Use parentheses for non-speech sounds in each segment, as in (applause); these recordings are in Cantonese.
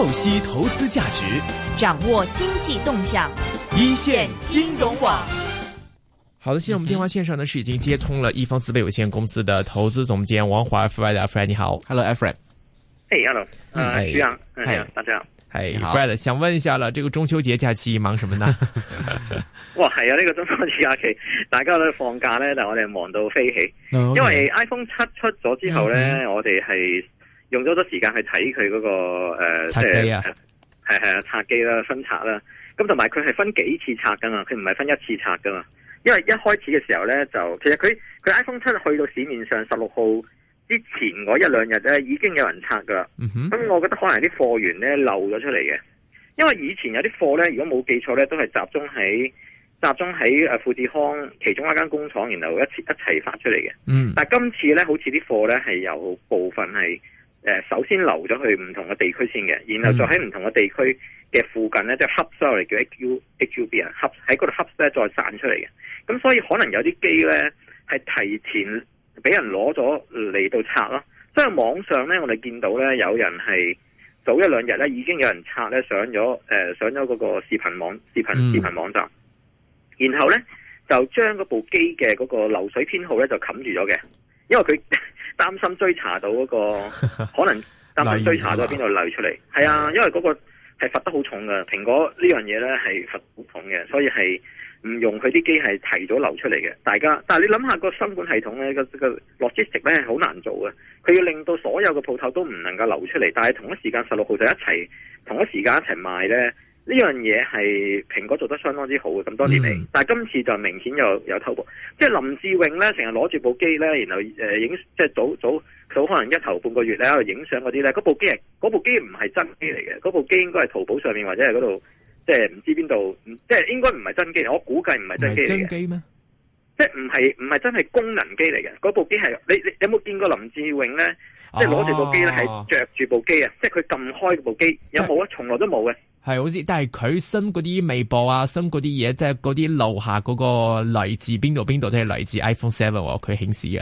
透析投資價值，掌握經濟動向，一線金融網。好的，現在我們電話線上呢是已經接通了一方資本有限公司的投資總監王華。Fred，你好，Hello，Fred。Hey，Hello，嗯哎呀大家好，Fred，想問一下了，這個中秋節假期忙什麼呢？ (laughs) 哇，係啊，呢個中秋節假期，大家都放假呢，但係我哋忙到飛起，oh, okay. 因為 iPhone 七出咗之後呢，我哋係。用咗好多時間去睇佢嗰個誒，拆機係係啊，拆、呃、機啦，分拆啦，咁同埋佢係分幾次拆噶嘛佢唔係分一次拆噶嘛因為一開始嘅時候呢，就其實佢佢 iPhone 七去到市面上十六號之前嗰一兩日呢，已經有人拆噶啦。咁、嗯、我覺得可能啲貨源呢，漏咗出嚟嘅，因為以前有啲貨呢，如果冇記錯呢，都係集中喺集中喺富士康其中一間工廠，然後一一齊發出嚟嘅、嗯。但係今次呢，好似啲貨呢，係有部分係。誒，首先流咗去唔同嘅地區先嘅，然後再喺唔同嘅地區嘅附近咧，就吸收嚟叫 hub hub 啊，hub 喺嗰度吸收咧，再散出嚟嘅。咁所以可能有啲機咧係提前俾人攞咗嚟到拆咯。即係網上咧，我哋見到咧，有人係早一兩日咧，已經有人拆咧上咗誒、呃，上咗嗰個視頻網視頻視頻網站，嗯、然後咧就將嗰部機嘅嗰個流水編號咧就冚住咗嘅。因為佢擔心追查到嗰、那個可能擔心追查到邊度流出嚟，係 (laughs) 啊，因為嗰個係罰得好重嘅，蘋果呢樣嘢，呢係罰好重嘅，所以係唔用佢啲機係提早流出嚟嘅。大家，但係你諗下個新款系統呢個、那個 logistic 咧係好難做嘅，佢要令到所有嘅鋪頭都唔能夠流出嚟，但係同一時間十六號就一齊同一時間一齊賣呢。呢樣嘢，係蘋果做得相當之好嘅，咁多年嚟，嗯，但係今次就明顯又有，有偷步，即係林志穎咧成日攞住部機咧，然後誒影，呃、即係早早早可能一頭半個月咧喺度影相嗰啲咧，嗰部機係嗰部機唔係真機嚟嘅，嗰部機應該係淘寶上面或者係嗰度即係唔知邊度，即係應該唔係真機，我估計唔係真機嚟嘅。真機咩？即係唔係唔係真係功能機嚟嘅，嗰部機係你你，你有冇見過林志穎咧？即係攞住部機咧係着住部機啊，哦！即係佢撳開部機有冇啊？從來都冇嘅。係好似，但係佢新嗰啲微博啊，新嗰啲嘢，即係嗰啲樓下嗰個嚟自邊度邊度，即係嚟自 iPhone 7，佢顯示嘅。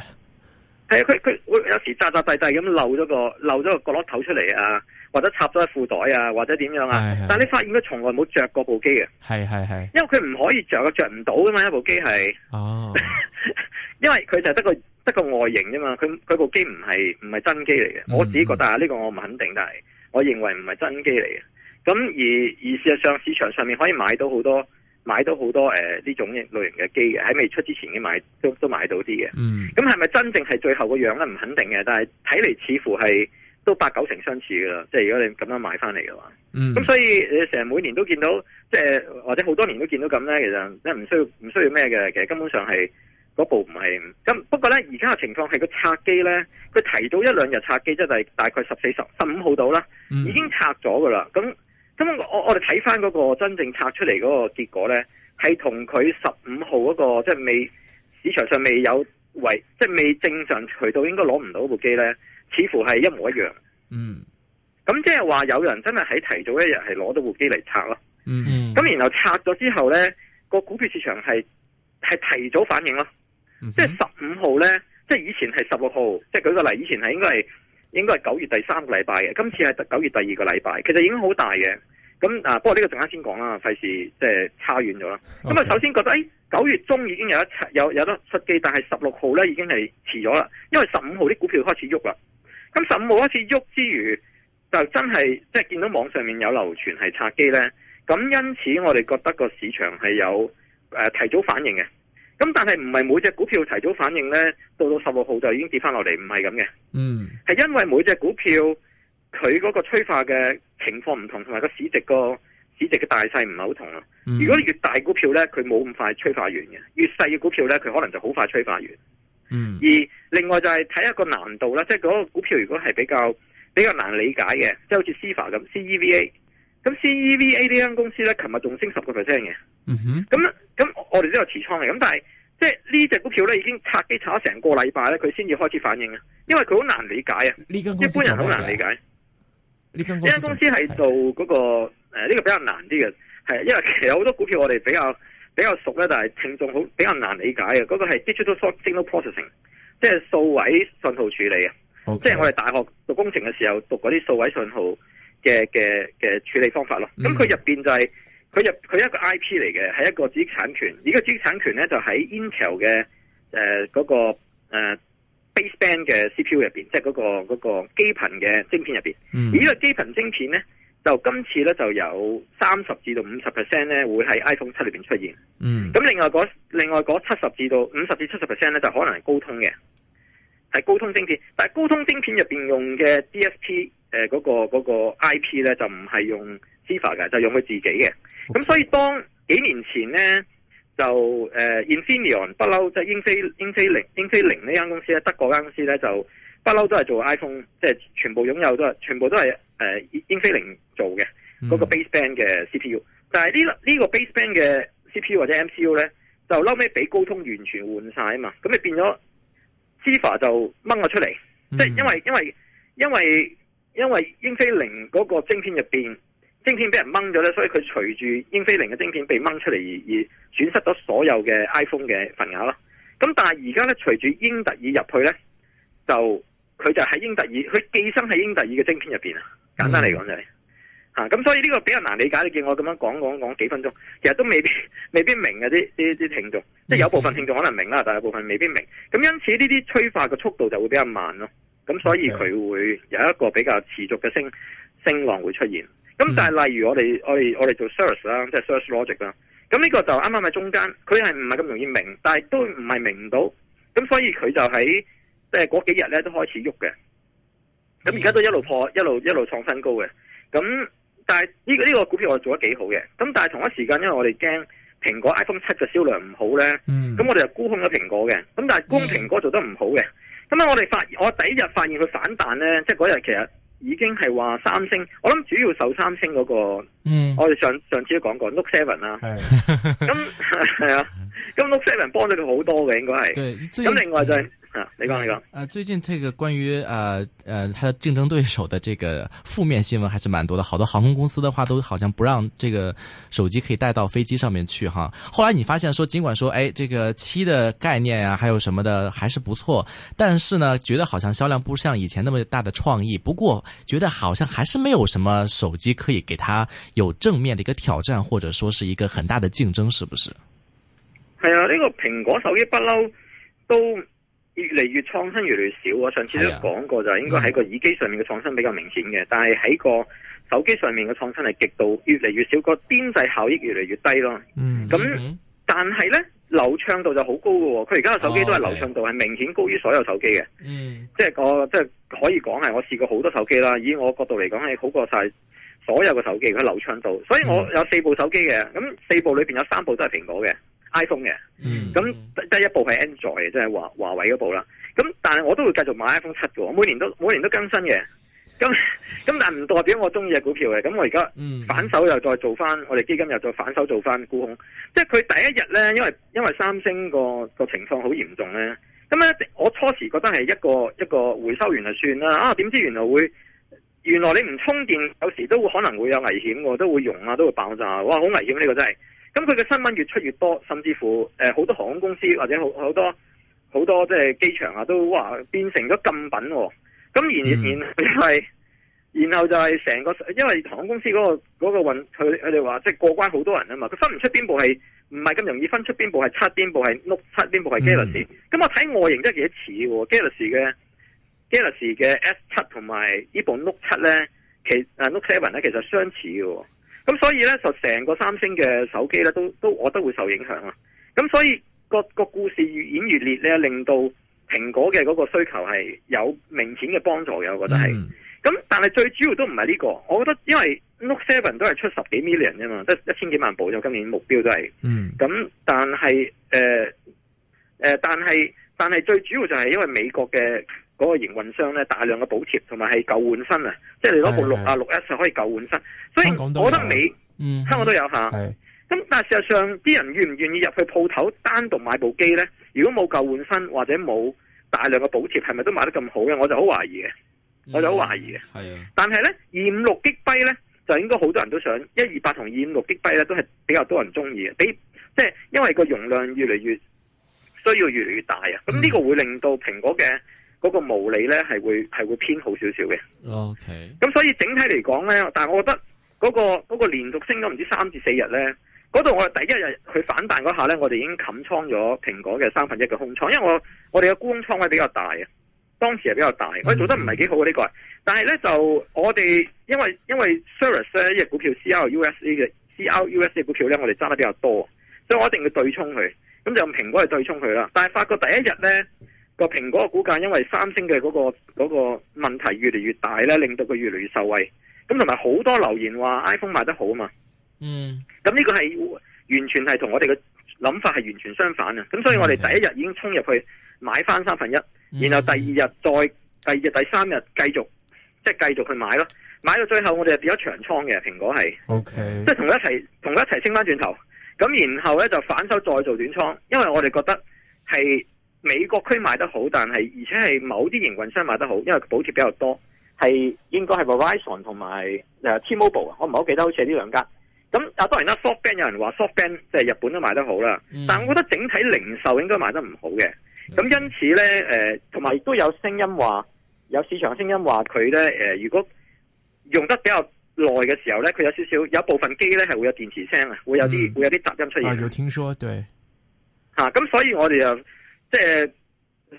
係啊，佢佢會有時扎扎地地咁漏咗個漏咗個角落頭出嚟啊，或者插咗喺褲袋啊，或者點樣啊？是是是但係你發現佢從來冇着過部機啊。係係係。因為佢唔可以着嘅，着唔到噶嘛，一部機係。哦。 (laughs) 因為佢就得個得個外形啫嘛，佢佢部機唔係唔係真機嚟嘅。我自己覺得啊，呢個我唔肯定，但係我認為唔係真機嚟嘅。咁而而事實上，市場上面可以買到好多買到好多誒呢、呃、種類型嘅機嘅，喺未出之前已經買都都買到啲嘅。嗯。咁係咪真正係最後個樣咧？唔肯定嘅，但係睇嚟似乎係都八九成相似噶啦。即係如果你咁樣買翻嚟嘅話，嗯。咁所以你成日每年都見到，即係、呃、或者好多年都見到咁咧。其實咧唔需要唔需要咩嘅，其實根本上係嗰部唔係咁。不過咧，而家嘅情況係個拆機咧，佢提早一兩日拆機，即係大大概十四十十五號到啦，已經拆咗噶啦。咁、嗯咁我我哋睇翻嗰個真正拆出嚟嗰個結果呢，係同佢十五號嗰個即係未市場上未有為即係未正常渠道應該攞唔到部機呢，似乎係一模一樣。嗯，咁即係話有人真係喺提早一日係攞到部機嚟拆咯。咁、嗯、然後拆咗之後呢，個股票市場係係提早反應咯、嗯。即係十五號呢，即係以前係十六號，即係舉個例，以前係應該係。應該係九月第三個禮拜嘅，今次係九月第二個禮拜，其實已經好大嘅。咁啊，不過呢個陣間先講啦，費事即係差遠咗啦。咁啊，首先覺得誒，九、哎、月中已經有一有有得拆機，但係十六號呢已經係遲咗啦，因為十五號啲股票開始喐啦。咁十五號開始喐之餘，就真係即係見到網上面有流傳係拆機呢。咁因此我哋覺得個市場係有誒、呃、提早反應嘅。咁但係唔係每隻股票提早反應呢，到到十六號就已經跌翻落嚟，唔係咁嘅。嗯，係因為每隻股票佢嗰個催化嘅情況唔同，同埋個市值個市值嘅大細唔係好同咯。如果越大股票呢，佢冇咁快催化完嘅；越細嘅股票呢，佢可能就好快催化完。嗯。而另外就係睇一個難度啦，即係嗰個股票如果係比較比較難理解嘅，即係好似 CEVA 咁，CEVA。咁 Ceva 呢間公司咧，琴日仲升十個 percent 嘅。咁咁、嗯、我哋都有持倉嘅。咁但係即係呢隻股票咧，已經拆機拆咗成個禮拜咧，佢先至開始反應啊。因為佢好難理解啊，一般人好難理解。呢間公司係做嗰、嗰個誒，呢、呃這個比較難啲嘅，係因為其實有好多股票我哋比較比較熟咧，但係聽眾好比較難理解嘅。嗰、嗰個係 Digital Signal Processing，即係數位信號處理啊。Okay. 即係我哋大學讀工程嘅時候讀嗰啲數位信號嘅嘅嘅處理方法咯，咁佢入邊就係佢入佢一個 I.P. 嚟嘅，係一個知識產權。而個知識產權呢、呃那個呃，就喺 Intel 嘅誒嗰個 baseband 嘅 CPU 入邊，即係嗰個嗰個基頻嘅晶片入邊。Mm. 而呢個基頻晶片呢，就今次呢就有三十至到五十 percent 咧，會喺 iPhone 七裏邊出現。咁、mm. 另外嗰另外七十至到五十至七十 percent 咧，就可能係高通嘅，係高通晶片。但係高通晶片入邊用嘅 DSP。誒、呃，嗰、那個嗰、那個 I P 咧就唔係用 CEVA 嘅，就用佢自己嘅。咁所以當幾年前咧，就誒，Infineon 不嬲，即、呃、係英飛英飛凌英飛凌呢間公司咧，德國間公司咧就不嬲都係做 iPhone，即係全部擁有都係全部都係誒、呃、英飛凌做嘅嗰、嗯那個 baseband 嘅 C P U。但係呢呢個 baseband 嘅 C P U 或者 M C U 咧，就後尾俾高通完全換晒啊嘛。咁你變咗 CEVA 就掹咗出嚟、嗯，即係因為因為因為。因為因為因為英飛凌嗰個晶片入邊，晶片俾人掹咗咧，所以佢隨住英飛凌嘅晶片被掹出嚟而而損失咗所有嘅 iPhone 嘅份額啦。咁但係而家咧，隨住英特爾入去咧，就佢就喺英特爾，佢寄生喺英特爾嘅晶片入邊啊。簡單嚟講就係吓，咁、mm. 啊、所以呢個比較難理解。你見我咁樣講講講幾分鐘，其實都未必未必明嘅啲啲啲聽眾，mm. 即係有部分聽眾可能明啦，但係有部分未必明。咁因此呢啲催化嘅速度就會比較慢咯。咁、嗯、所以佢會有一個比較持續嘅升升浪會出現。咁但係例如我哋、嗯、我哋我哋做 search 啦，即係 search logic 啦。咁呢個就啱啱喺中間，佢係唔係咁容易明？但係都唔係明唔到。咁所以佢就喺即係嗰幾日咧都開始喐嘅。咁而家都一路破、嗯、一路一路創新高嘅。咁但係、這、呢個呢、這個股票我哋做得幾好嘅。咁但係同一時間因為我哋驚蘋果 iPhone 七嘅銷量唔好咧，咁、嗯、我哋就沽空咗蘋果嘅。咁但係沽完蘋果做得唔好嘅。嗯嗯咁啊！我哋發，我第一日發現佢反彈咧，即係嗰日其實已經係話三星，我諗主要受三星嗰個，嗯，我哋上上次都講過，Note 7啦，咁係啊，咁 Note 7幫咗佢好多嘅應該係，咁另外就係、是。嗯啊，你講你講啊！最近這個關於呃呃它的競爭對手的這個負面新聞還是蠻多的，好多航空公司的話都好像不讓這個手機可以帶到飛機上面去哈。後來你發現說，盡管說，哎，這個七的概念啊，還有什麼的，還是不錯，但是呢，覺得好像銷量不像以前那麼大的創意。不過，覺得好像還是沒有什麼手機可以給它有正面的一個挑戰，或者說是一個很大的競爭，是不是？係啊，這個蘋果手機不嬲都。越嚟越創新越嚟越少，我上次都講過就係、哎、應該喺個耳機上面嘅創新比較明顯嘅、嗯，但係喺個手機上面嘅創新係極度越嚟越少，個邊際效益越嚟越低咯。咁、嗯嗯、但係呢，流暢度就好高嘅喎，佢而家嘅手機都係流暢度係、哦、明顯高於所有手機嘅、嗯。即係我即係可以講係我試過好多手機啦，以我角度嚟講係好過晒所有嘅手機佢流暢度。所以我有四部手機嘅，咁四部裏面有三部都係蘋果嘅。iPhone 嘅，咁、嗯、第一部係 Android，即係華華為嗰部啦。咁但係我都會繼續買 iPhone 七嘅，每年都每年都更新嘅。咁咁但係唔代表我中意嘅股票嘅。咁我而家反手又再做翻，我哋基金又再反手做翻沽空。即係佢第一日呢，因為因為三星個個情況好嚴重呢。咁咧我初時覺得係一個一個回收完就算啦。啊，點知原來會原來你唔充電有時都可能會有危險，都會融啊，都會爆炸。哇，好危險呢、這個真係。咁佢嘅新聞越出越多，甚至乎，誒、呃，好多航空公司或者好好多好多即係機場啊，都話變成咗禁品喎、哦。咁然然就係，然後就係、是、成個，因為航空公司嗰、那個嗰、那個運，佢佢哋話即係過關好多人啊嘛，佢分唔出邊部係唔係咁容易分出邊部係七邊部係 Note 七邊部係 Galaxy。咁、嗯、我睇外形都幾似喎，Galaxy 嘅 Galaxy 嘅 S 七同埋呢部 Note 七咧，其、uh, Note seven 咧其實相似嘅、哦。咁所以咧，就成個三星嘅手機咧，我都都我覺得會受影響啊！咁所以個個故事越演越烈咧，令到蘋果嘅嗰個需求係有明顯嘅幫助嘅，我覺得係。咁、嗯、但係最主要都唔係呢個，我覺得因為 Note Seven 都係出十幾 million 啫嘛，得一千幾萬部就今年目標都係。嗯。咁但係誒、呃呃、但係但係最主要就係因為美國嘅。嗰、那個營運商咧大量嘅補貼同埋係舊換新啊，即係你攞部六啊六 S 可以舊換新，所以我覺得你香港都有下，咁、嗯、但係事實上啲人願唔願意入去鋪頭單獨買部機呢？如果冇舊換新或者冇大量嘅補貼，係咪都買得咁好嘅？我就好懷疑嘅，我就好懷疑嘅、嗯。但係呢二五六 GB 呢，就應該好多人都想，一二八同二五六 GB 呢，都係比較多人中意嘅。比即係因為個容量越嚟越需要越嚟越大啊，咁、嗯、呢個會令到蘋果嘅。嗰、那個毛利咧係會係會偏好少少嘅。OK、嗯。咁所以整體嚟講咧，但係我覺得嗰、那個嗰、那個連續升咗唔知三至四日咧，嗰度我第一日去反彈嗰下咧，我哋已經冚倉咗蘋果嘅三分一嘅空倉，因為我我哋嘅沽空倉位比較大啊，當時係比較大，mm -hmm. 我做得唔係幾好啊呢個。但係咧就我哋因為因為 service 咧，呢隻股票 c o u s a 嘅 c o u s a 嘅股票咧，我哋揸得比較多，所以我一定要對沖佢，咁就用蘋果去對沖佢啦。但係發覺第一日咧。個蘋果嘅股價，因為三星嘅嗰個嗰個問題越嚟越大咧，令到佢越嚟越受惠。咁同埋好多留言話 iPhone 賣得好啊嘛。嗯。咁呢個係完全係同我哋嘅諗法係完全相反嘅。咁所以我哋第一日已經衝入去買翻三分一，然後第二日再第二日第三日繼續即係繼續去買咯。買到最後我哋係變咗長倉嘅蘋果係。O、okay. K。即係同佢一齊同佢一齊升翻轉頭，咁然後咧就反手再做短倉，因為我哋覺得係。美國區賣得好，但係而且係某啲營運商賣得好，因為補貼比較多，係應該係 Verizon 同埋誒 T-Mobile 啊，我唔係好記得好似係呢兩家。咁但當然啦，SoftBank 有人話 SoftBank 即係日本都賣得好啦、嗯，但係我覺得整體零售應該賣得唔好嘅。咁、嗯、因此咧，誒同埋亦都有聲音話，有市場聲音話佢咧，誒、呃、如果用得比較耐嘅時候咧，佢有少少有部分機咧係會有電池聲啊、嗯，會有啲會有啲雜音出現。啊，有聽說對，吓、啊、咁所以我哋就。即係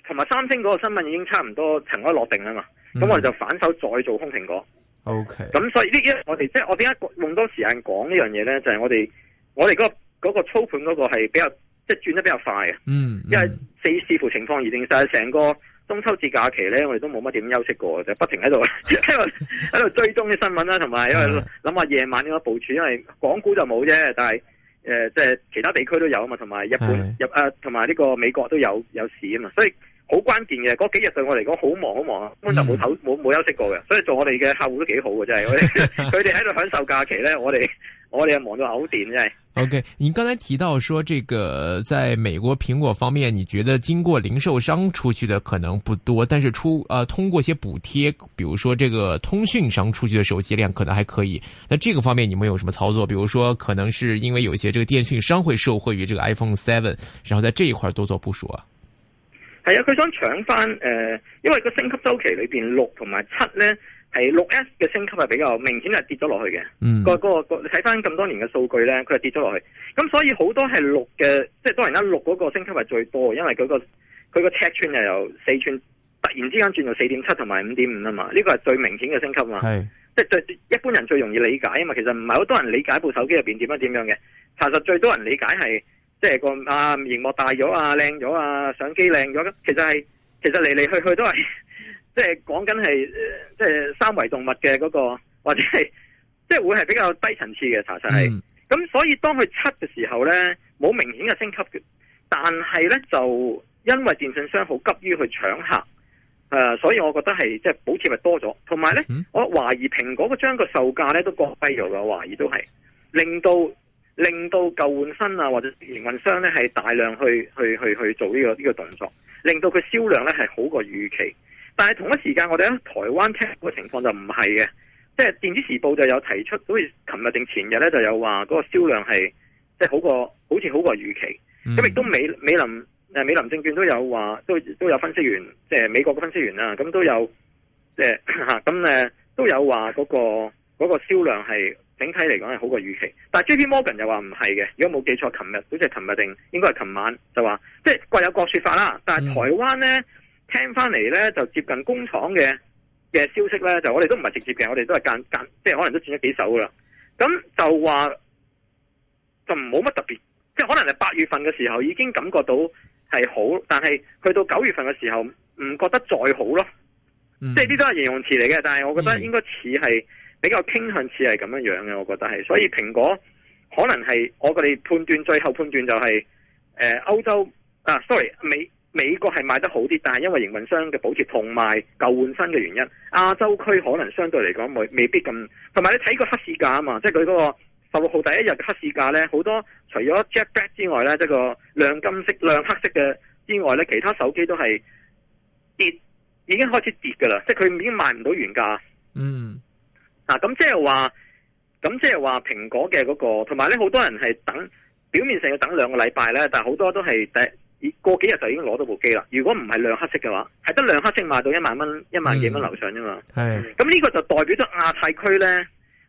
同埋三星嗰個新聞已經差唔多塵埃落定啦嘛，咁、嗯、我哋就反手再做空蘋果。O K. 咁所以呢一我哋即係我點解咁多時間講呢樣嘢咧？就係、是、我哋我哋嗰、那個嗰、那個操盤嗰個係比較即係轉得比較快啊、嗯。嗯，因為四視乎情況而定，但係成個中秋節假期咧，我哋都冇乜點休息過，就不停喺度喺度追蹤啲新聞啦，同埋因為諗下夜晚應該部署，因為港股就冇啫，但係。誒，即係其他地區都有啊嘛，同埋日本、日誒、啊，同埋呢個美國都有有市啊嘛，所以好關鍵嘅。嗰幾日對我嚟講好忙，好忙啊，根本就冇頭冇冇休息過嘅。所以做我哋嘅客戶都幾好嘅，真係。佢哋喺度享受假期咧， (laughs) 我哋。我哋又忙到口甜真 O、okay, K，你剛才提到說，這個在美國蘋果方面，你覺得經過零售商出去的可能不多，但是出，呃，通過一些補貼，比如說這個通訊商出去的手機量可能還可以。那這個方面你們有什麼操作？比如說，可能是因為有一些這個電訊商會受惠於這個 iPhone 7，然後在這一塊多做部署啊。係啊，佢想搶翻，誒、呃，因為個升級周期裏邊六同埋七呢。係六 S 嘅升級係比較明顯係跌咗落去嘅，個嗰個你睇翻咁多年嘅數據咧，佢係跌咗落去。咁所以好多係六嘅，即係當然啦，六嗰個升級係最多，因為佢個佢個尺寸又由四寸，突然之間轉到四點七同埋五點五啊嘛，呢個係最明顯嘅升級嘛，即係最一般人最容易理解啊嘛。其實唔係好多人理解部手機入邊點樣點樣嘅，查實最多人理解係即係個啊，熒幕大咗啊，靚咗啊，相機靚咗咁。其實係其實嚟嚟去去都係。即係講緊係，即係三維動物嘅，嗰、那個，或者係即係會係比較低層次嘅查實係。咁、嗯、所以當佢七嘅時候呢，冇明顯嘅升級嘅，但係呢，就因為電信商好急於去搶客，誒、呃，所以我覺得係即係補貼係多咗。同埋呢，嗯、我懷疑蘋果嘅將個售價呢，都降低咗嘅，懷疑都係令到令到舊換新啊，或者營運商呢係大量去去去去做呢、這個呢、這個動作，令到佢銷量呢係好過預期。但係同一時間，我哋咧台灣聽個情況就唔係嘅，即係電子時報就有提出，好似琴日定前日咧就有話嗰個銷量係即係好過，好似好過預期。咁、嗯、亦都美美林誒美林證券都有話，都都有分析員即係美國嘅分析員啊，咁都有即係咁誒都有話嗰、嗰個嗰、嗯嗰個、銷量係整體嚟講係好過預期。但係 J.P.Morgan 又話唔係嘅，如果冇記錯，琴日好似係琴日定應該係琴晚就話，即係各有各説法啦。但係台灣咧。嗯聽翻嚟咧就接近工廠嘅嘅消息咧，就我哋都唔係直接嘅，我哋都係間間，即係可能都轉咗幾手噶啦。咁就話就唔冇乜特別，即係可能係八月份嘅時候已經感覺到係好，但係去到九月份嘅時候唔覺得再好咯。嗯、即係呢都係形容詞嚟嘅，但係我覺得應該似係比較傾向似係咁樣樣嘅，我覺得係。所以蘋果可能係我哋判斷，最後判斷就係誒歐洲啊，sorry 美。美國係賣得好啲，但係因為營運商嘅補貼同埋舊換新嘅原因，亞洲區可能相對嚟講未未必咁。同埋你睇個黑市價啊，即係佢嗰個十六號第一日嘅黑市價呢，好多除咗 Jack Black 之外呢，即係個亮金色，亮黑色嘅之外呢，其他手機都係跌，已經開始跌噶啦，即係佢已經賣唔到原價。嗯。嗱、啊，咁即係話，咁即係話蘋果嘅嗰、那個，同埋呢好多人係等，表面上要等兩個禮拜呢，但係好多都係第。而過幾日就已經攞到部機啦。如果唔係亮黑色嘅話，係得亮黑色賣到一萬蚊、一萬幾蚊樓上啫嘛。咁、嗯、呢個就代表咗亞太區呢。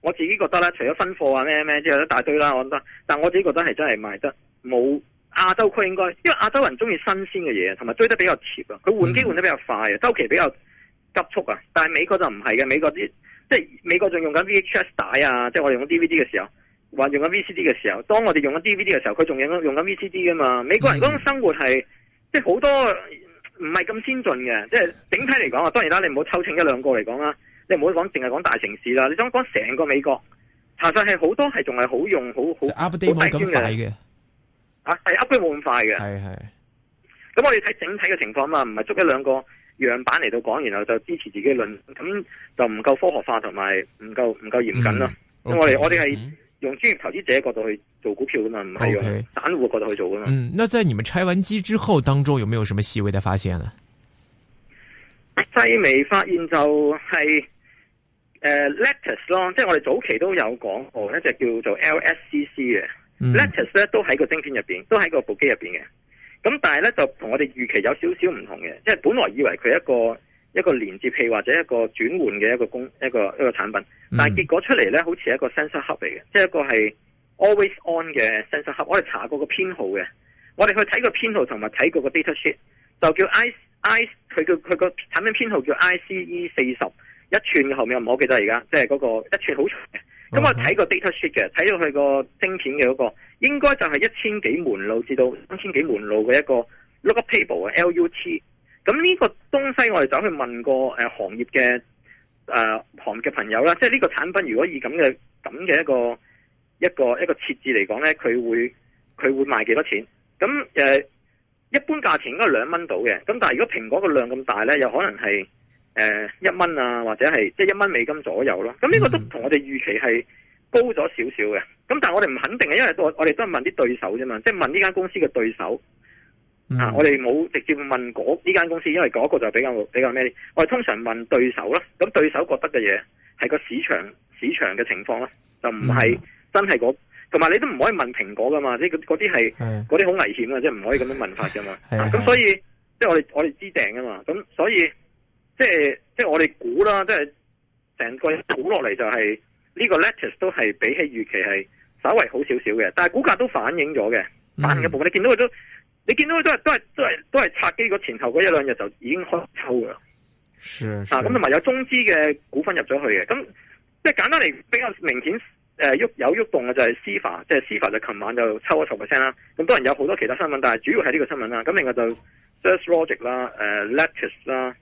我自己覺得咧，除咗分貨啊什麼什麼、咩咩之後，一大堆啦。我覺得，但我自己覺得係真係賣得冇亞洲區應該，因為亞洲人中意新鮮嘅嘢，同埋追得比較貼啊。佢換機換得比較快啊，周、嗯、期比較急促啊。但係美國就唔係嘅，美國啲即係美國仲用緊 VHS 帶啊，即、就、係、是、我哋用緊 DVD 嘅時候。話用緊 VCD 嘅時候，當我哋用緊 DVD 嘅時候，佢仲用緊用緊 VCD 噶嘛？美國人嗰種生活係即係好多唔係咁先進嘅，即係整體嚟講啊。當然啦，你唔好抽稱一兩個嚟講啦，你唔好講淨係講大城市啦。你想講成個美國，查實係好多係仲係好用好好 update 冇咁快嘅，啊係冇咁快嘅，係係。咁我哋睇整體嘅情況嘛，唔係捉一兩個樣板嚟到講，然後就支持自己論，咁就唔夠科學化同埋唔夠唔夠嚴謹咯。我哋我哋係。嗯用專業投資者角度去做股票咁嘛，唔係散戶角度去做噶嘛。Okay. 嗯，那在你們拆完機之後當中，有沒有什麼細微嘅發現呢？細微發現就係誒 Lattice 咯，即係我哋早期都有講過一隻，就是，叫做 LSCC 嘅 Lattice 咧，都喺個晶片入邊，都喺個部機入邊嘅。咁但係咧，就同我哋預期有少少唔同嘅，即係本來以為佢一個。一個連接器或者一個轉換嘅一個工一個一個產品，但係結果出嚟咧，好似一個 sensor hub 嚟嘅，即係一個係 always on 嘅 sensor hub。我哋查過個編號嘅，我哋去睇個編號同埋睇過個 data sheet，就叫 ICE，ICE 佢叫佢個產品編號叫 ICE40，一寸後面我唔好記得而家，即係嗰個一寸好長嘅。咁、okay. 嗯、我睇個 data sheet 嘅，睇到佢個晶片嘅嗰、那個，應該就係一千幾門路至到三千幾門路嘅一個 lookup table 啊，LUT。咁呢個東西我哋走去問過誒、呃、行業嘅誒、呃、行業嘅朋友啦，即係呢個產品如果以咁嘅咁嘅一個一個一個設置嚟講呢，佢會佢會賣幾多錢？咁誒、呃、一般價錢應該係兩蚊到嘅，咁但係如果蘋果個量咁大呢，又可能係誒、呃、一蚊啊，或者係即係一蚊美金左右啦。咁呢個都同我哋預期係高咗少少嘅。咁但係我哋唔肯定，嘅，因為我我哋都係問啲對手啫嘛，即係問呢間公司嘅對手。嗯、啊！我哋冇直接問嗰呢間公司，因為嗰個就比較比較咩？我哋通常問對手啦。咁對手覺得嘅嘢係個市場市場嘅情況啦，就唔係真係嗰、那個。同、嗯、埋你都唔可以問蘋果噶嘛？即嗰啲係嗰啲好危險嘅、啊，即係唔可以咁樣問法嘅嘛。咁所以即係我哋我哋知訂啊嘛。咁所以即係即係我哋估啦，即係成個估落嚟就係呢個 letters 都係比起預期係稍為好少少嘅，但係股價都反映咗嘅、嗯，反映嘅部分。你見到佢都。你見到都係都係都係都係拆機嗰前後嗰一兩日就已經開抽嘅啦，啊咁同埋有中資嘅股份入咗去嘅，咁即係簡單嚟比較明顯誒喐、呃、有喐動嘅就係思凡，即係思凡就琴晚就抽咗十 percent 啦。咁當然有好多其他新聞，但係主要係呢個新聞啦。咁另外就 Cirrus Logic 啦、啊、誒 Lattice 啦、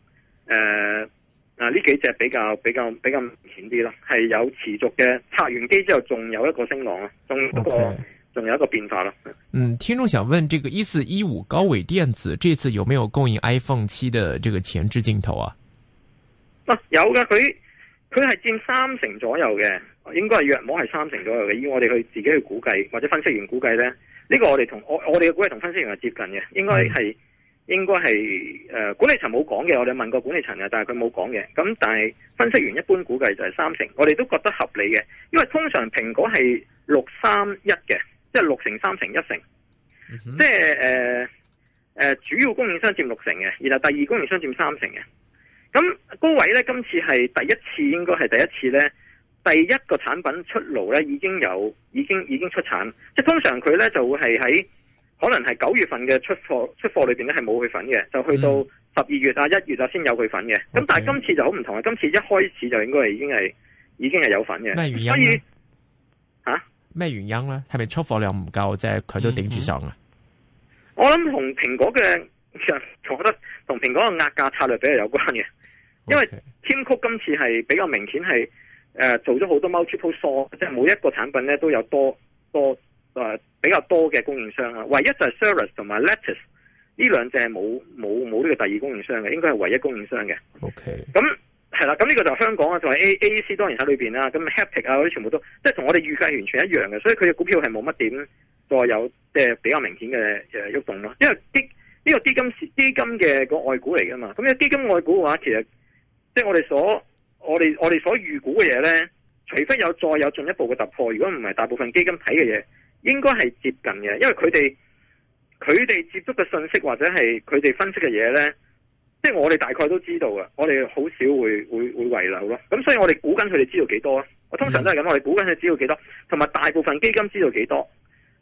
誒啊呢幾隻比較比較比較明顯啲咯，係有持續嘅拆完機之後仲有一個升浪啊，仲嗰仲有一個變化咯。嗯，聽眾想問，這個一四一五高偉電子這次有沒有供應 iPhone 七的這個前置鏡頭啊？啊有嘅，佢佢係佔三成左右嘅，應該係約莫係三成左右嘅。以我哋去自己去估計或者分析員估計呢，呢、呢個我哋同我我哋嘅估計同分析員係接近嘅，應該係、嗯、應該係誒、呃、管理層冇講嘅，我哋問過管理層嘅，但係佢冇講嘅。咁但係分析員一般估計就係三成，我哋都覺得合理嘅，因為通常蘋果係六三一嘅。即係六成、三成、一成，嗯、即係誒誒，主要供應商佔六成嘅，然後第二供應商佔三成嘅。咁高位呢，今次係第一次，應該係第一次呢。第一個產品出爐呢，已經有已經已經出產。即係通常佢呢，就會係喺可能係九月份嘅出貨出貨裏邊呢，係冇佢份嘅，就去到十二月啊、一、嗯、月啊先有佢份嘅。咁、嗯、但係今次就好唔同啊！今次一開始就應該係已經係已經係有份嘅。咩原因啊？咩原因咧？係咪出貨量唔夠，即係佢都頂住上啊、嗯嗯？我諗同蘋果嘅，我覺得同蘋果嘅壓價策略比係有關嘅。Okay. 因為天 o 今次係比較明顯係誒做咗好多 multiple source，即係每一個產品咧都有多多誒、呃、比較多嘅供應商啊。唯一就係 s e r v i c s 同埋 lattice 呢兩隻冇冇冇呢個第二供應商嘅，應該係唯一供應商嘅。O K，咁。係啦，咁呢個就香港啊，就係、是、AAC，當然喺裏邊啦。咁 Haptic 啊，嗰啲全部都，即係同我哋預計完全一樣嘅，所以佢嘅股票係冇乜點再有，即係比較明顯嘅誒喐動咯。因為呢、這個基金基金嘅個外股嚟噶嘛，咁呢基金外股嘅話，其實即係我哋所我哋我哋所預估嘅嘢咧，除非有再有進一步嘅突破，如果唔係大部分基金睇嘅嘢，應該係接近嘅，因為佢哋佢哋接觸嘅信息或者係佢哋分析嘅嘢咧。即係我哋大概都知道嘅，我哋好少會會會遺留咯。咁所以我哋估緊佢哋知道幾多咧？我通常都係咁，我哋估緊佢知道幾多，同埋大部分基金知道幾多，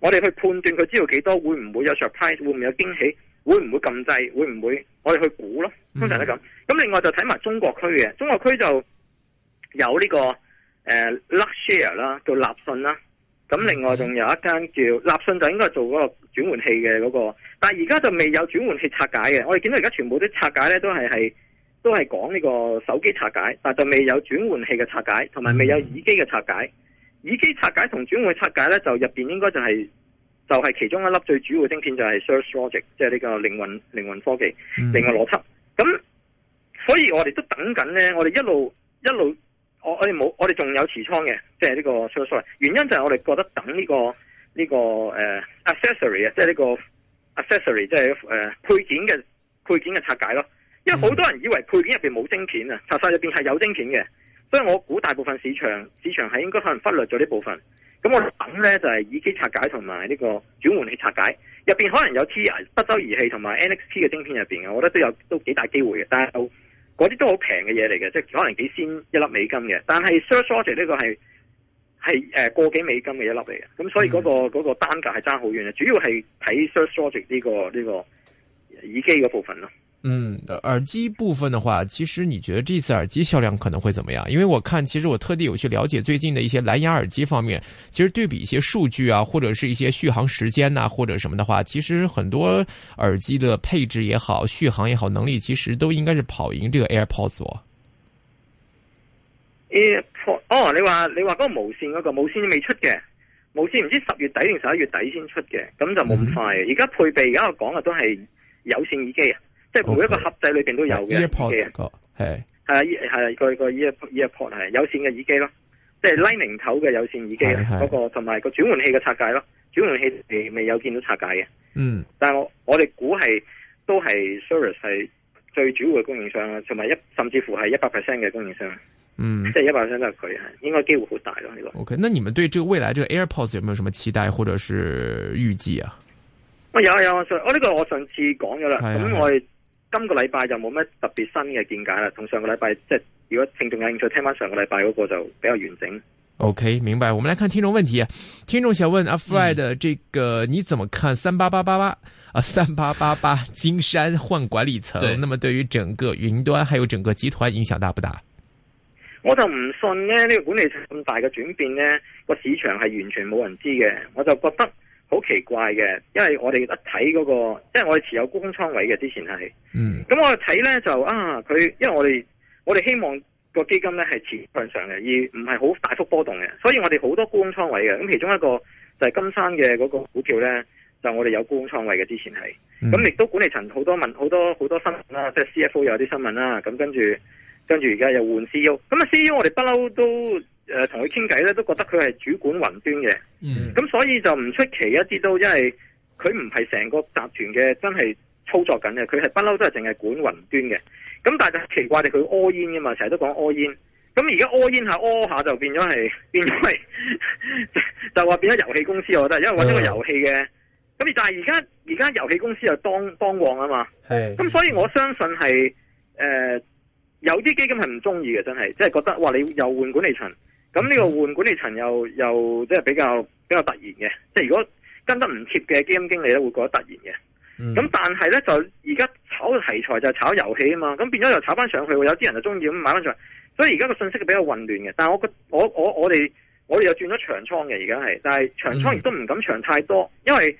我哋去判斷佢知道幾多，會唔會有 surprise？會唔會有驚喜？會唔會禁製？會唔會？我哋去估咯，通常都係咁。咁、嗯、另外就睇埋中國區嘅，中國區就有呢、這個誒、呃、Luxshare 啦，叫立訊啦。咁另外仲有一間叫立訊，嗯、就應該係做嗰個轉換器嘅嗰、那個。但而家就未有轉換器拆解嘅，我哋見到而家全部啲拆解咧，都係係都係講呢個手機拆解，但就未有轉換器嘅拆解，同埋未有耳機嘅拆解。耳機拆解同轉換器拆解咧，就入邊應該就係、是、就係、是、其中一粒最主要芯片就係 Cirrus Logic，即係呢個靈魂靈魂科技，靈魂邏輯。咁所以我哋都等緊咧，我哋一路一路我我哋冇我哋仲有持倉嘅，即係呢個 Cirrus Logic。原因就係我哋覺得等呢個呢個誒 accessory 啊，即係呢個。這個 uh, Accessory 即係誒配件嘅配件嘅拆解咯，因為好多人以為配件入邊冇晶片啊，拆晒入邊係有晶片嘅，所以我估大部分市場市場係應該可能忽略咗呢部分。咁我哋呢就係、是、耳機拆解同埋呢個轉換器拆解入邊，面可能有 TIA 德州儀器同埋 NXP 嘅晶片入邊，我覺得都有都幾大機會嘅。但係嗰啲都好平嘅嘢嚟嘅，即、就、係、是、可能幾仙一粒美金嘅。但係 search shortage 呢個係。係誒，個、呃、幾美金嘅一粒嚟嘅，咁所以嗰、那個嗯那個單個單價係差好遠嘅，主要係睇 search logic 呢個呢、這個耳機嗰部分咯。嗯，耳機部分嘅話，其實你覺得這次耳機銷量可能會怎麼樣？因為我看，其實我特地有去了解最近的一些藍牙耳機方面，其實對比一些數據啊，或者是一些續航時間啊，或者什麼的話，其實很多耳機的配置也好，續航也好，能力其實都應該是跑贏這個 AirPods。誒，哦，你話你話嗰個無線嗰、那個無線未出嘅，無線唔知十月底定十一月底先出嘅，咁就冇咁快。而、嗯、家配備而家我講嘅都係有線耳機啊，okay. 即係每一個盒仔裏邊都有嘅耳機啊，係、yeah, 啊，個個 EarPods a 係有線嘅耳機咯，即係 Lightning 頭嘅有線的耳機啊，嗰、那個同埋個轉換器嘅拆解咯，轉換器未有見到拆解嘅，嗯，但係我我哋估係都係 Service 係最主要嘅供應商啦，同埋一甚至乎係一百 percent 嘅供應商。即係一百 percent 應該機會好大咯呢、這個。O、okay, K，那你們對這個未來這個 AirPods 有沒有什麼期待，或者是預計啊？我有有上，我呢、這個我上次講咗啦。咁、哎、我哋今個禮拜就冇咩特別新嘅見解啦。同上個禮拜即係如果聽眾有興趣聽翻上個禮拜嗰個就比較完整。O、okay, K，明白。我們來看聽眾問題，聽眾想問阿 Fred 的這個、嗯，你怎麼看三八八八八啊？三八八八金山換管理層，那麼對於整個雲端還有整個集團影響大不大？我就唔信咧，呢、這個管理層咁大嘅轉變，呢個市場係完全冇人知嘅。我就覺得好奇怪嘅，因為我哋一睇嗰、那個，即係我哋持有沽空倉位嘅之前係，咁、嗯、我睇呢，就啊，佢因為我哋我哋希望個基金呢係持向上嘅，而唔係好大幅波動嘅。所以我哋好多沽空倉位嘅，咁其中一個就係金山嘅嗰個股票呢，就我哋有沽空倉位嘅之前係，咁亦都管理層好多問好多好多新聞啦，即係 CFO 有啲新聞啦，咁跟住。跟住而家又換 CEO，咁啊 CEO 我哋不嬲都誒同佢傾偈咧，都覺得佢係主管雲端嘅。嗯，咁所以就唔出奇一啲都，因為佢唔係成個集團嘅真係操作緊嘅，佢係不嬲都係淨係管雲端嘅。咁但係就奇怪哋佢 all in 嘅嘛，成日都講 all in。咁而家 all in 下 all in 下就變咗係變咗係， (laughs) 就話變咗遊戲公司，我覺得因為玩呢個遊戲嘅。咁、嗯、但係而家而家遊戲公司又當當旺啊嘛。咁、嗯、所以我相信係誒。呃有啲基金係唔中意嘅，真係即係覺得話，你又換管理層，咁呢個換管理層又又即係比較比較突然嘅。即係如果跟得唔貼嘅基金經理咧，會覺得突然嘅。咁、嗯、但係咧就而家炒題材就係炒遊戲啊嘛，咁變咗又炒翻上去，有啲人就中意咁買翻上去。所以而家個信息就比較混亂嘅。但係我我我哋我哋又轉咗長倉嘅，而家係，但係長倉亦都唔敢長太多，因為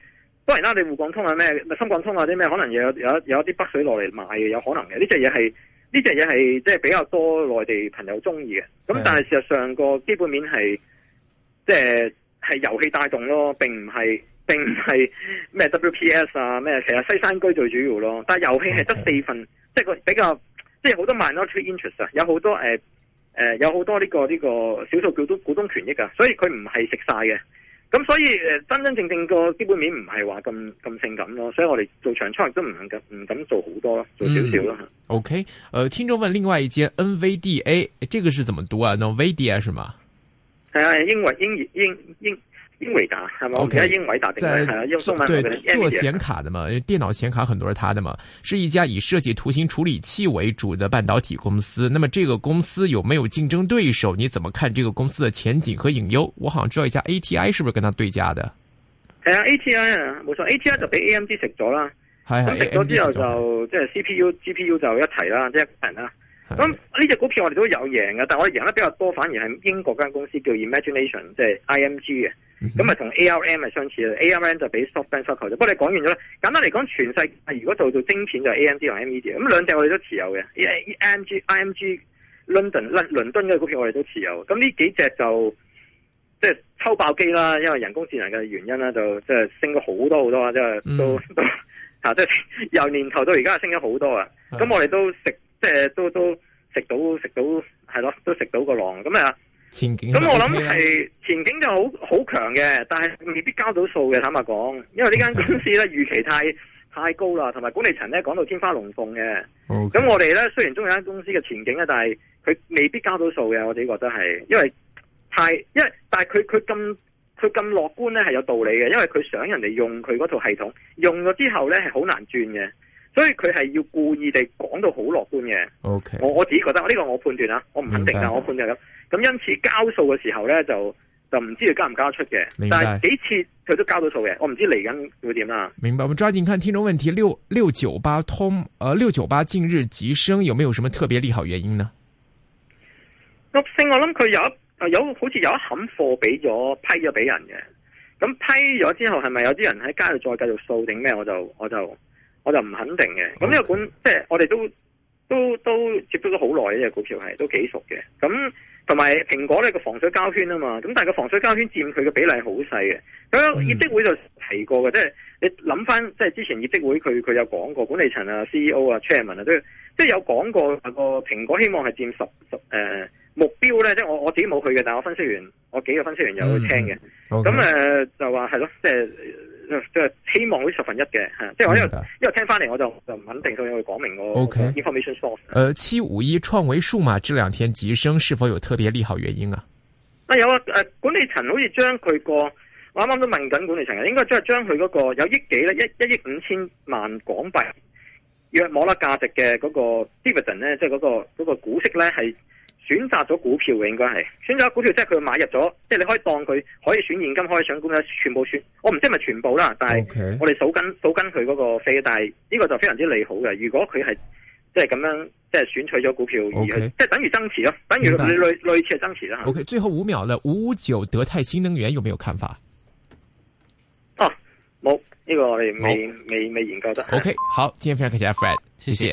當然啦，你滬港通啊咩深港通啊啲咩，可能有有有一啲北水落嚟買嘅，有可能嘅呢隻嘢係。這個呢隻嘢係即係比較多內地朋友中意嘅，咁但係事實上個基本面係即係係遊戲帶動咯，並唔係，並唔係咩 WPS 啊咩，其實西山居最主要咯，但係遊戲係得四份， (music) 即係個比較即係好多 minority interest，有好多誒誒、呃、有好多呢、這個呢、這個少數股東股東權益啊，所以佢唔係食晒嘅。咁所以誒，真真正正個基本面唔係話咁咁性感咯，所以我哋做長倉亦都唔敢唔敢做好多咯，做少少啦。O K，誒，聽眾問另外一間 N V D A，這個是怎麼讀啊？n o v d a 是嗎？係啊，英文英英英。英英英偉達，係咪？我而家英偉達，英偉達係啊，用，對，做顯卡的嘛，因為電腦顯卡很多是他的嘛，是一家以設計圖形處理器為主的半導體公司。那麼這個公司有沒有競爭對手？你怎麼看這個公司的前景和隱憂？我好想知道一下，A T I 是不是跟它對家的？係啊，A T I 啊，冇錯，A T I 就俾 A M D 食咗啦。係係。食咗之後就即係 C P U G P U 就一齊啦，即係一個人啦。咁呢隻股票我哋都有贏嘅、啊，但我哋贏得比較多，反而係英國間公司叫 Imagination，即係 I M G 嘅。咁咪同 ARM 係相似嘅 ARM 就俾 SoftBank 收購咗。不過你講完咗啦，簡單嚟講，全世界如果做做晶片就 AMD 同 MED 咁兩隻我哋都持有嘅。AMG、I M G、London、倫敦嘅股票我哋都持有。咁呢幾隻就即係、就是、抽爆機啦，因為人工智能嘅原因啦、嗯， (laughs) 就即係升咗好多好多，即係都都吓，即係由年頭到而家升咗好多啊！咁我哋都食，即係都都食到食到係咯，都食到個浪。咁啊～前景，咁我諗係前景就好好強嘅，但係未必交到數嘅。坦白講，因為呢間公司咧預期太太高啦，同埋管理層咧講到天花龍鳳嘅。咁、okay. 我哋咧雖然中意間公司嘅前景咧，但係佢未必交到數嘅。我自己覺得係，因為太因為但係佢佢咁佢咁樂觀咧係有道理嘅，因為佢想人哋用佢嗰套系統，用咗之後咧係好難轉嘅。所以佢係要故意地講到好樂觀嘅。Okay. 我我自己覺得，呢、這個我判斷啊，我唔肯定噶，我判斷咁。咁因此交數嘅時候咧，就就唔知佢交唔交得出嘅。明白。但係幾次佢都交到數嘅，我唔知嚟緊會點啦。明白。我哋抓緊看聽眾問題，六六九八通，誒，六九八近日急升，有沒有什麼特別利好原因呢？六星，我諗佢有，有好似有一冚貨俾咗批咗俾人嘅。咁批咗之後是是，係咪有啲人喺街度再繼續掃定咩？我就我就我就唔肯定嘅。咁呢個本，okay. 即係我哋都都都，都接觸咗好耐嘅呢隻股票，係都幾熟嘅。咁。同埋蘋果咧，個防水膠圈啊嘛，咁但係個防水膠圈佔佢嘅比例好細嘅。咁業績會就提過嘅、嗯，即係你諗翻，即係之前業績會佢佢有講過管理層啊、CEO 啊、Chairman 啊都即係有講過個個蘋果希望係佔十十、呃、目標咧，即係我我自己冇去嘅，但係我分析員我幾個分析員有聽嘅，咁、嗯、誒、okay. 嗯、就話係咯，即係。即、就、係、是、希望好十分一嘅，吓、就是，即係我因為因為聽翻嚟我就就唔肯定佢會講明我 information source。誒、okay. 呃，七五一創維數碼這兩天急升，是否有特別利好原因啊？啊有啊，誒，管理層好似將佢個我啱啱都問緊管理層，應該即係將佢嗰個有億幾咧一一億五千萬港幣約莫啦價值嘅嗰個 dividend 咧、那個，即係嗰個個股息咧係。是選擇咗股票嘅應該係選擇咗股票，即係佢買入咗，即係你可以當佢可以選現金，可以選股票，全部選。我唔知係咪全部啦，但係我哋數緊數緊佢嗰個飛，但係呢個就非常之利好嘅。如果佢係即係咁樣，即係選取咗股票，okay. 即係等於增持咯，等於類類似嘅增持啦。O、okay, K，最後五秒啦，五五九德泰新能源有冇有看法？哦，冇呢、這個我哋未未未研究得。O、okay, K，好，今天非常感謝 Fred，謝謝。謝謝